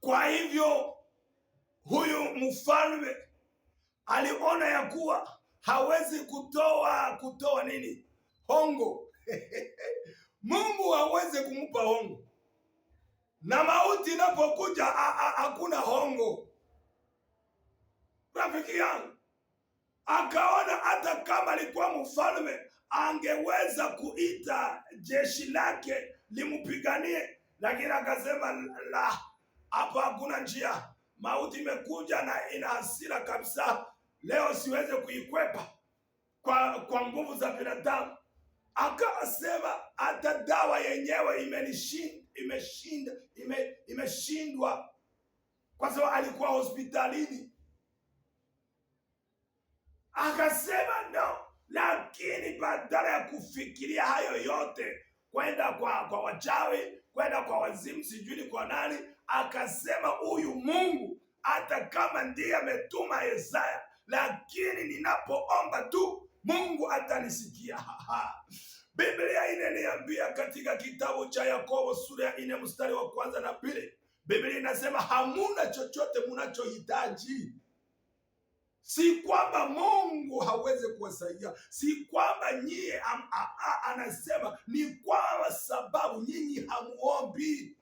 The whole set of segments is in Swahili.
Kwa hivyo huyu mfalme aliona ya kuwa hawezi kutoa kutoa nini hongo Mungu hawezi kumpa hongo, na mauti inapokuja hakuna hongo, rafiki yangu. Akaona hata kama alikuwa mfalme angeweza kuita jeshi lake limpiganie, lakini akasema la hapo hakuna njia. Mauti imekuja na ina hasira kabisa. Leo siweze kuikwepa kwa kwa nguvu za binadamu. Akasema hata dawa yenyewe imenishinda, imeshinda, ime, imeshindwa kwa sababu alikuwa hospitalini. Akasema no, lakini badala ya kufikiria hayo yote, kwenda kwa kwa wachawi, kwenda kwa wazimu, sijui kwa nani akasema, huyu Mungu hata kama ndiye ametuma Yesaya, lakini ninapoomba tu Mungu atanisikia. Biblia inaniambia katika kitabu cha Yakobo sura ya nne mstari wa kwanza na pili, Biblia inasema hamuna chochote munachohitaji. Si kwamba Mungu hawezi kuwasaidia, si kwamba nyie, anasema ni kwa sababu nyinyi hamuombi.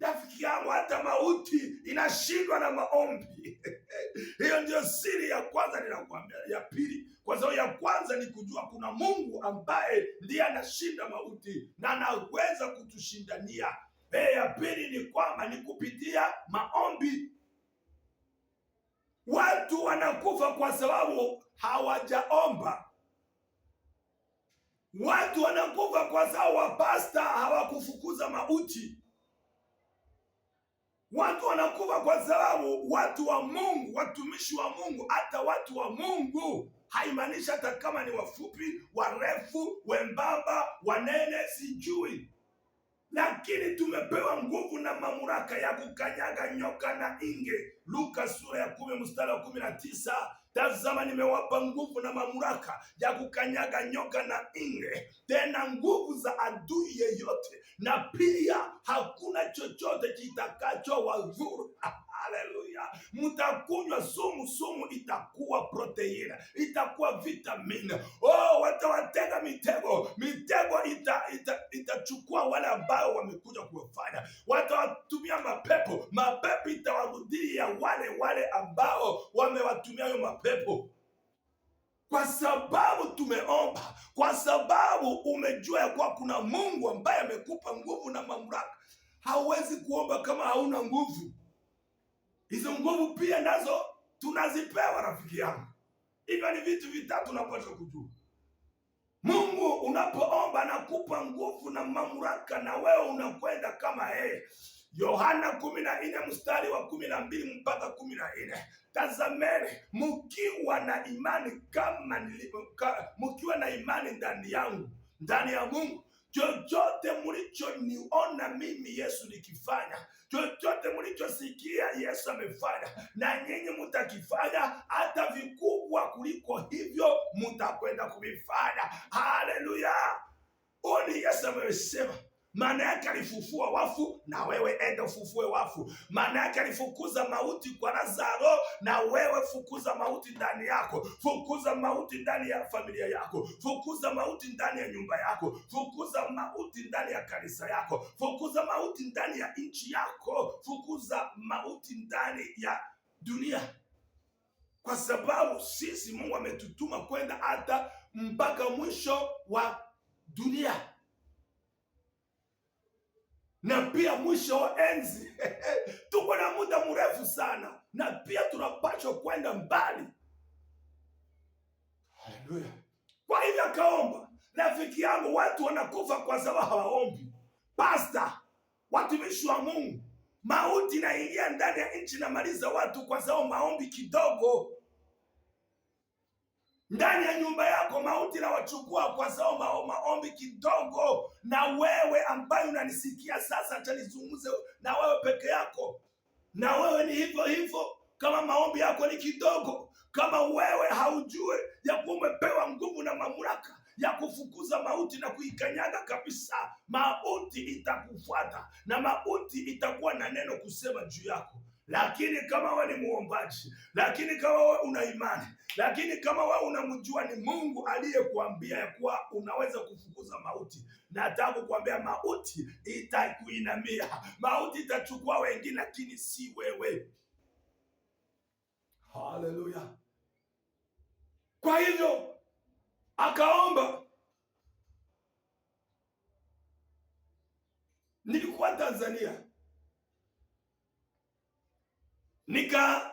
Rafiki yangu, hata mauti inashindwa na maombi. Hiyo ndio siri ya kwanza ninakuambia, Ya pili, kwa sababu ya kwanza ni kujua kuna Mungu ambaye ndiye anashinda mauti na anaweza kutushindania. E, ya pili ni kwamba ni kupitia maombi. Watu wanakufa kwa sababu hawajaomba. Watu wanakufa kwa sababu wapasta hawakufukuza mauti. Watu wanakufa kwa sababu watu wa Mungu, watumishi wa Mungu, hata watu wa Mungu haimaanishi hata kama ni wafupi, warefu, wembamba, wanene, sijui, lakini tumepewa nguvu na mamlaka ya kukanyaga nyoka na inge. Luka sura ya kumi mstari wa kumi na tisa Tazama, nimewapa nguvu na mamlaka ya kukanyaga nyoka na nge, tena nguvu za adui yeyote, na pia hakuna chochote kitakacho wadhuru. Haleluya! Mtakunywa sumu, sumu itakuwa proteina itakuwa vitamini. Oh, watawatega mitego, mitego itachukua ita, ita wale ambao wamekuja kuwafanya. Watawatumia mapepo, mapepo itawarudia wale wale ambao wa amewatumia hayo mapepo kwa sababu tumeomba, kwa sababu umejua ya kuwa kuna Mungu ambaye amekupa nguvu na mamlaka. Hauwezi kuomba kama hauna nguvu. Hizo nguvu pia nazo tunazipewa, rafiki yangu. Hivyo ni vitu vitatu unapaswa kujua. Mungu unapoomba anakupa nguvu na mamlaka, na wewe unakwenda kama yeye. Yohana kumi na nne mstari wa kumi na mbili mpaka kumi na nne Tazameni mkiwa na imani kama nilivyo, mkiwa na imani ndani yangu, ndani ya Mungu, chochote mlichoniona mimi Yesu nikifanya, chochote mlichosikia Yesu amefanya, na nyinyi mtakifanya, hata vikubwa kuliko hivyo mutakwenda kuvifanya. Haleluya! Oni Yesu amesema maana yake alifufua wafu, na wewe enda ufufue wafu. Maana yake alifukuza mauti kwa Lazaro, na wewe fukuza mauti ndani yako, fukuza mauti ndani ya familia yako, fukuza mauti ndani ya nyumba yako, fukuza mauti ndani ya kanisa yako, fukuza mauti ndani ya nchi yako, fukuza mauti ndani ya dunia, kwa sababu sisi Mungu ametutuma kwenda hata mpaka mwisho wa dunia na pia mwisho wa enzi tuko na muda mrefu sana, na pia tunapashwa kwenda mbali. Haleluya! Kwa hivyo akaomba. Rafiki yangu, watu wanakufa kwa sababu hawaombi. Pasta, watumishi wa Mungu, mauti inaingia ndani ya nchi na maliza watu kwa sababu maombi kidogo ndani ya nyumba yako, mauti na wachukua kwa zao maombi kidogo. Na wewe ambaye unanisikia sasa, acha nizungumze na wewe peke yako, na wewe ni hivyo hivyo. Kama maombi yako ni kidogo, kama wewe haujue ya kuwa umepewa nguvu na mamlaka ya kufukuza mauti na kuikanyaga kabisa, mauti itakufuata na mauti itakuwa na neno kusema juu yako. Lakini kama wewe ni muombaji, lakini kama wewe una imani, lakini kama wewe unamjua ni Mungu aliyekuambia ya kuwa unaweza kufukuza mauti, nataka kukuambia mauti itakuinamia, mauti itachukua wengine, lakini si wewe. Haleluya! Kwa hivyo akaomba. Nilikuwa Tanzania nika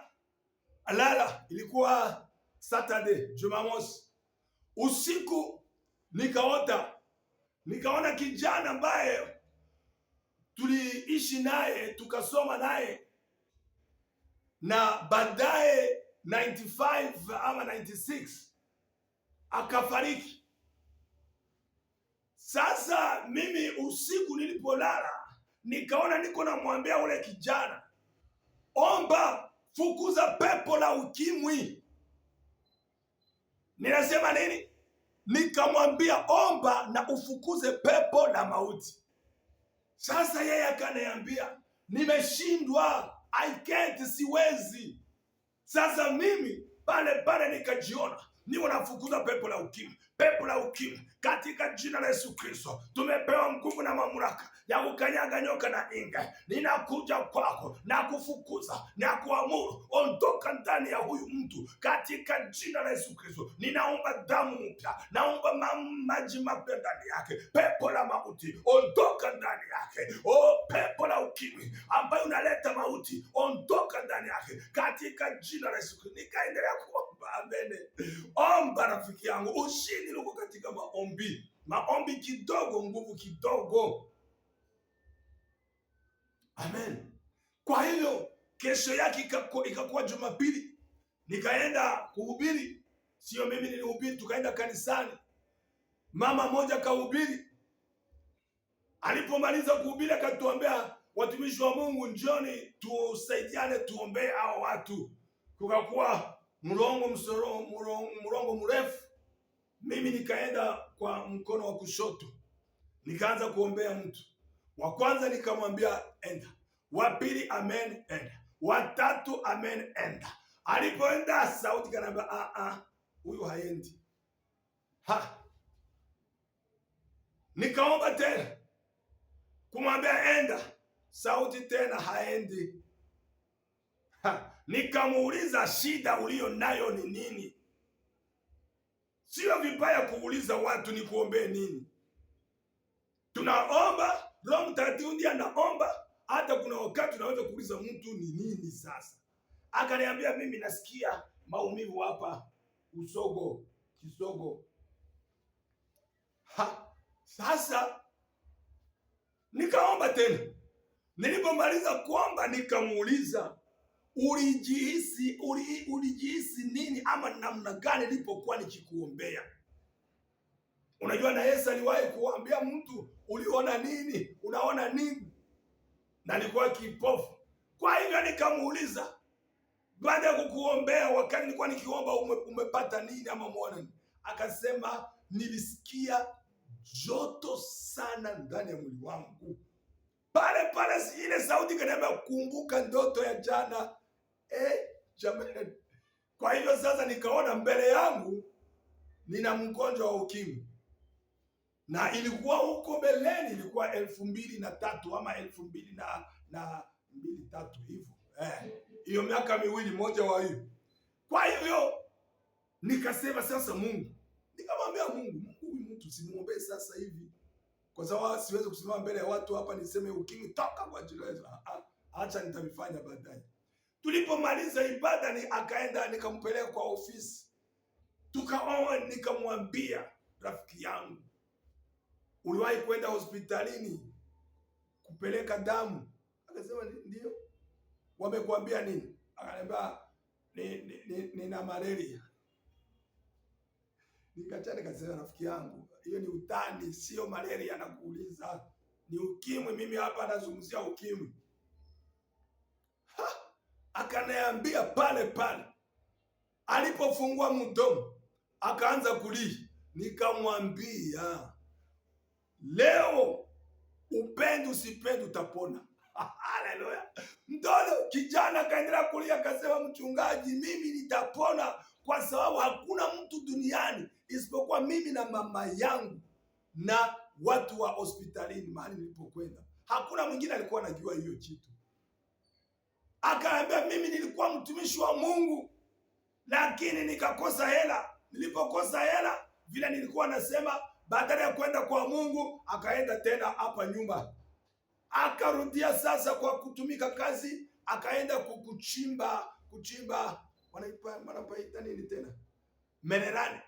alala, ilikuwa Saturday, Jumamosi usiku, nikaota nikaona kijana ambaye tuliishi naye tukasoma naye na baadaye 95 ama 96 akafariki. Sasa mimi usiku nilipolala, nikaona niko namwambia ule kijana omba, fukuza pepo la ukimwi. Ninasema nini? Nikamwambia, omba na ufukuze pepo la mauti. Sasa yeye akaniambia, nimeshindwa, I can't, siwezi. Sasa mimi pale pale nikajiona ni wanafukuza pepo la ukimwi, pepo la ukimwi katika jina la Yesu Kristo. Tumepewa nguvu na mamlaka ya kukanyaga nyoka na inge. Ninakuja kwako na kufukuza na kuamuru, ondoka ndani ya huyu mtu katika jina la Yesu Kristo. Ninaomba damu mpya, naomba maji mapya ndani yake. Pepo la mauti, ondoka ndani yake. O pepo la ukimwi ambayo unaleta mauti, ondoka ndani yake katika jina la Yesu Kristo. Nikaendelea kuomba amene. Omba rafiki yangu, ushindi uko katika maombi. Maombi kidogo, nguvu kidogo. Amen. Kwa hiyo kesho yake ikakuwa Jumapili, nikaenda kuhubiri, sio mimi nilihubiri, tukaenda kanisani. Mama moja kahubiri, alipomaliza kuhubiri akatuambia, watumishi wa Mungu, njoni tusaidiane, tuombee hao watu. Kukakuwa mlongo msoro, mlongo mrefu. Mimi nikaenda kwa mkono wa kushoto, nikaanza kuombea mtu wa kwanza, nikamwambia enda, wa pili amen, enda, wa tatu amen, enda. Alipoenda sauti kanaambia a ah, a, ah, huyu haendi. Ha, nikaomba tena kumwambia enda, sauti tena haendi. Nikamuuliza, shida uliyo nayo ni nini? Sio vibaya kuuliza watu ni kuombee nini. Tunaomba, Roho Mtakatifu ndiye anaomba. Hata kuna wakati unaweza kuuliza mtu ni nini. Sasa akaniambia, mimi nasikia maumivu hapa usogo, kisogo. Ha, sasa nikaomba tena. Nilipomaliza kuomba, nikamuuliza ulijihisi uli, ulijihisi nini ama namna gani ilipokuwa nikikuombea? Unajua, na Yesu aliwahi kuambia mtu, uliona nini? Unaona nini? na nilikuwa kipofu. Kwa hivyo nikamuuliza baada ya kukuombea, wakati nilikuwa nikiomba, ume, umepata nini ama umeona nini? Akasema nilisikia joto sana ndani ya mwili wangu pale pale, ile sauti kaniambia, kumbuka ndoto ya jana Eh, jamani. Kwa hivyo sasa nikaona mbele yangu nina mgonjwa wa ukimwi na ilikuwa huko beleni, ilikuwa elfu mbili na tatu ama elfu mbili na na mbili tatu hivyo eh, hiyo eh, miaka miwili moja wa hiyo. Kwa hivyo nikasema sasa, Mungu nikamwambia Mungu, Mungu huyu mtu simuombee sasa hivi, kwa sababu siwezi kusimama mbele ya watu hapa niseme ukimwi toka kwa jina ah, la ah, Yesu. Acha nitavifanya baadaye. Tulipomaliza ibada ni akaenda, nikampeleka kwa ofisi, tukaoa. Nikamwambia rafiki yangu, uliwahi kwenda hospitalini kupeleka damu? Akasema ndio. Wamekuambia nini? Akaniambia nina ni, ni, ni malaria. Nikachana, nikasema rafiki yangu, hiyo ni utani, sio malaria, nakuuliza ni ukimwi. Mimi hapa nazungumzia ukimwi akaniambia pale pale alipofungua mdomo akaanza kulia. Nikamwambia leo upende usipende utapona. Haleluya! Mtoto kijana akaendelea kulia, akasema mchungaji, mimi nitapona kwa sababu hakuna mtu duniani isipokuwa mimi na mama yangu na watu wa hospitalini mahali nilipokwenda, hakuna mwingine alikuwa anajua hiyo kitu. Akaambia, mimi nilikuwa mtumishi wa Mungu, lakini nikakosa hela. Nilipokosa hela vile nilikuwa nasema, badala ya kwenda kwa Mungu akaenda tena hapa nyumba, akarudia sasa kwa kutumika kazi, akaenda kukuchimba kuchimba, wanapaita nini tena, mererani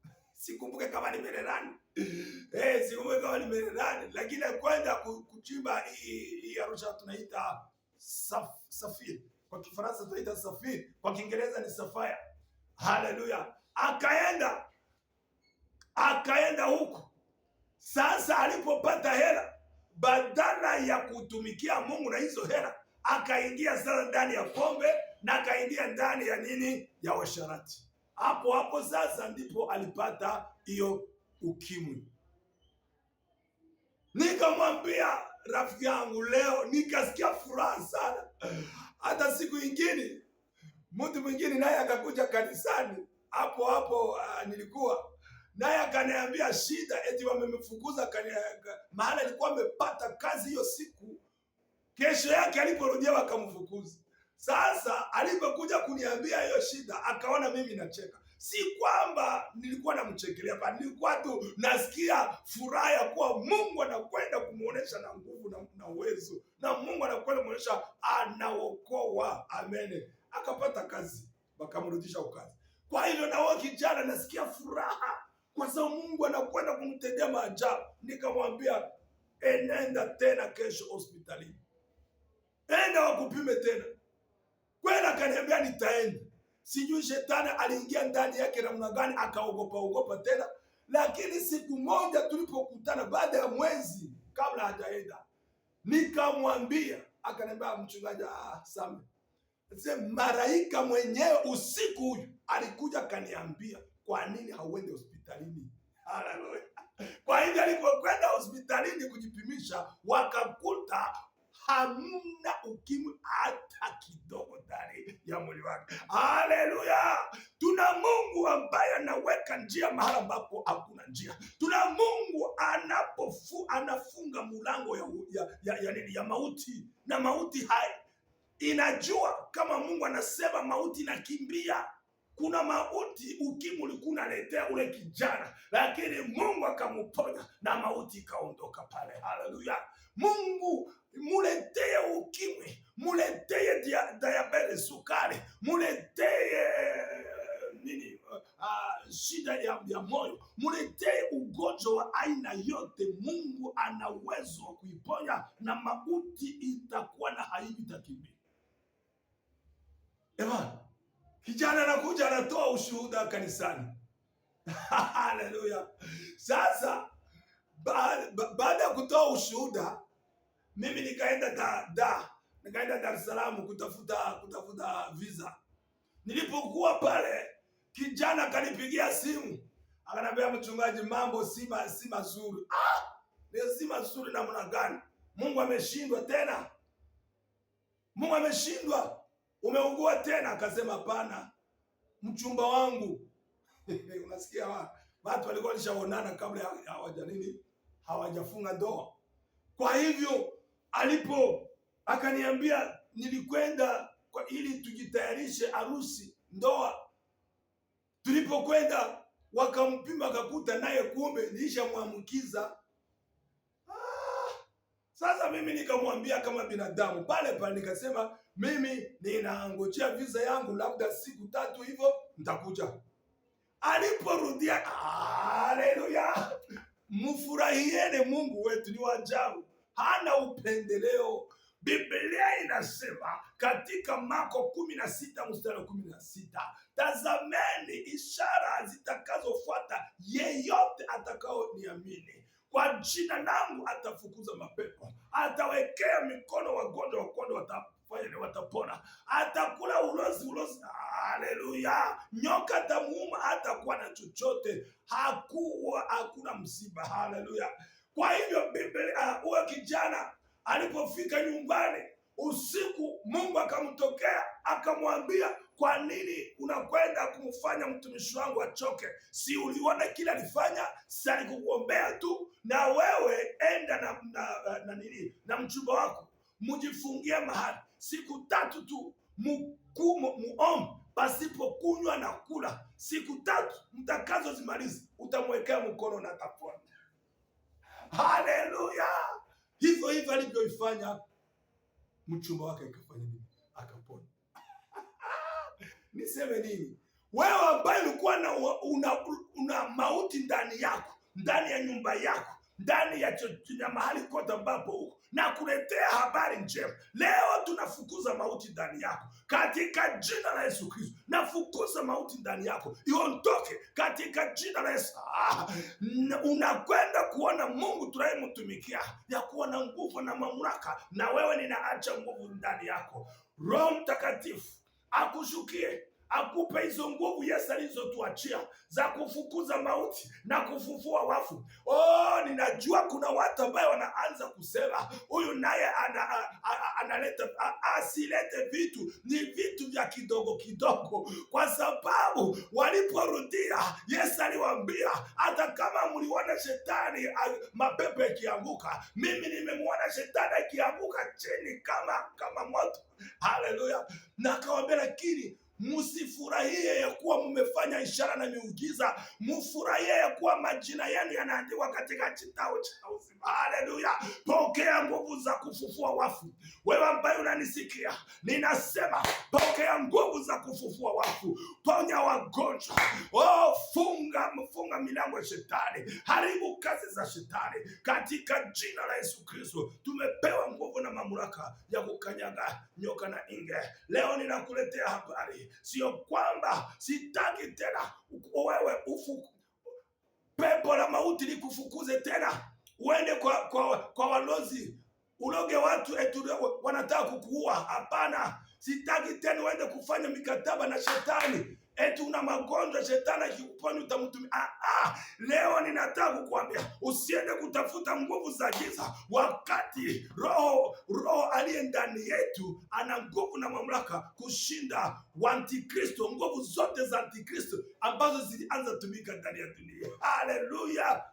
Sikumbuke kama ni mererani eh, sikumbuke kama ni mererani, lakini akwenda kuchimba hii Arusha tunaita safu safiri, kwa Kifaransa tunaita safiri, kwa Kiingereza ni safaya. Haleluya! Akaenda akaenda huko. Sasa alipopata hela, badala ya kutumikia Mungu na hizo hela, akaingia sasa ndani ya pombe na akaingia ndani ya nini, ya washarati. Hapo hapo sasa ndipo alipata hiyo ukimwi. Nikamwambia rafiki yangu leo nikasikia furaha sana. Hata siku ingine mtu mwingine naye akakuja kanisani hapo hapo, uh, nilikuwa naye akaniambia shida, eti wamemfukuza mahala alikuwa amepata kazi hiyo siku. Kesho yake aliporejea wakamfukuza. Sasa alipokuja kuniambia hiyo shida, akaona mimi nacheka si kwamba nilikuwa namchekelea pa, nilikuwa tu nasikia furaha ya kuwa Mungu anakwenda kumwonyesha na nguvu na, na uwezo na Mungu anakwenda kumuonesha anaokoa. Amen, akapata kazi, wakamrudisha ukazi. Kwa hivyo na wao kijana, nasikia furaha kwa sababu Mungu anakwenda kumtendea maajabu. Nikamwambia, enenda tena kesho hospitalini, enda wakupime tena. kwenda. akaniambia nitaenda sijui shetani aliingia ndani yake namna gani, akaogopa ogopa tena. Lakini siku moja tulipokutana, baada ya mwezi, kabla hajaenda, nikamwambia akaniambia, mchungaji ah, Sam, maraika mwenyewe usiku huyu alikuja akaniambia, kwa nini hauende hospitalini? Haleluya! Kwa hivyo alipokwenda hospitalini kujipimisha, wakakuta hamna ukimwi hata kidogo ndani ya mwili wake. Haleluya! Tuna Mungu ambaye anaweka njia mahala ambapo hakuna njia. Tuna Mungu anapofu, anafunga mulango ya, ya, ya, ya, nini ya mauti na mauti hai inajua kama Mungu anasema mauti inakimbia. Kuna mauti ukimwi ulikuwa unaletea ule kijana, lakini Mungu akamuponya na mauti ikaondoka pale. Haleluya! Mungu muletee ukimwi, muletee diabetes, sukari, muletee nini, uh, shida ya, ya moyo, muletee ugonjwa wa aina yote. Mungu ana uwezo wa kuiponya na mauti itakuwa na Eva, Kijana anakuja anatoa ushuhuda kanisani. Haleluya! Sasa baada ya kutoa ushuhuda mimi nikaenda da, da nikaenda Dar es Salaam kutafuta kutafuta visa. Nilipokuwa pale, kijana kanipigia simu akanambia, mchungaji, mambo si si mazuri. Ah, ni si mazuri namna gani? Mungu ameshindwa tena, Mungu ameshindwa, umeugua tena. Akasema hapana, mchumba wangu unasikia wa watu walikuwa walishaonana kabla hawaja nini, hawajafunga ndoa. Kwa hivyo alipo akaniambia, nilikwenda kwa ili tujitayarishe harusi, ndoa. Tulipokwenda wakampima, akakuta naye kumbe nilishamwambukiza. Ah! sasa mimi nikamwambia kama binadamu pale pale, nikasema mimi ninaangojea visa yangu, labda siku tatu hivyo nitakuja. Aliporudia, haleluya! Mfurahiene Mungu wetu, ni wajabu hana upendeleo. Biblia inasema katika Marko kumi na sita mstari wa kumi na sita tazameni ishara zitakazofuata yeyote atakaoniamini kwa jina langu atafukuza mapepo, atawekea mikono wagonjwa, wagonjwa watafanya watapona, atakula ulozi ulozi. Haleluya! nyoka tamuuma hatakuwa na chochote, hakuwa hakuna msiba. Haleluya! Kwa hivyo Biblia, ah, huyo kijana alipofika nyumbani usiku, Mungu akamtokea akamwambia, kwa nini unakwenda kumfanya mtumishi wangu achoke? Si uliona kile alifanya? Si alikukuombea tu? Na wewe enda na na, na, nini na mchumba wako mjifungie mahali siku tatu tu, muom pasipo kunywa na kula, siku tatu mtakazozimaliza utamwekea mkono na atapona. Haleluya! Hivyo hivyo alivyoifanya mchumba wake, akafanya nini? Akapona. Niseme nini? Wewe ambaye ulikuwa na una, una mauti ndani yako, ndani ya nyumba yako, ndani ya, ya mahali kote ambapo huko na kuletea habari njema leo, tunafukuza mauti ndani yako katika jina la Yesu Kristo nafukuza mauti ndani yako, iondoke katika jina la Yesu. Ah, unakwenda kuona Mungu tunayemtumikia ya kuwa na nguvu na mamlaka, na wewe ninaacha nguvu ndani yako. Roho Mtakatifu akushukie akupe hizo nguvu Yesu alizotuachia za kufukuza mauti na kufufua wafu. Oh, ninajua kuna watu ambaye wanaanza kusema huyu naye analeta asilete vitu, ni vitu vya kidogo kidogo, kwa sababu waliporudia Yesu aliwaambia hata kama mliona shetani mapepo yakianguka, mimi nimemwona shetani akianguka chini kama kama moto. Haleluya! na akawambia lakini Msifurahie ya kuwa mmefanya ishara na miujiza, mfurahie ya kuwa majina yenu yanaandikwa katika kitabu cha uzima. Haleluya! Pokea nguvu za kufufua wafu. Wewe ambaye unanisikia, ninasema pokea nguvu za kufufua wafu, ponya wagonjwa. Oh, funga mfunga milango ya shetani, haribu kazi za shetani katika jina la Yesu Kristo. Tumepewa nguvu na mamlaka ya kukanyaga nyoka na inge. Leo ninakuletea habari sio kwamba sitaki tena wewe ufu pepo la mauti likufukuze tena uende kwa, kwa, kwa walozi uloge watu etu wanataka kukuua. Hapana, sitaki tena uende kufanya mikataba na shetani eti una magonjwa, shetani akikuponya utamtumia. Ah, ah, leo ninataka kukuambia usiende kutafuta nguvu za giza, wakati roho roho aliye ndani yetu ana nguvu na mamlaka kushinda Antikristo, nguvu zote za Antikristo ambazo zilianza tumika ndani ya dunia. Haleluya!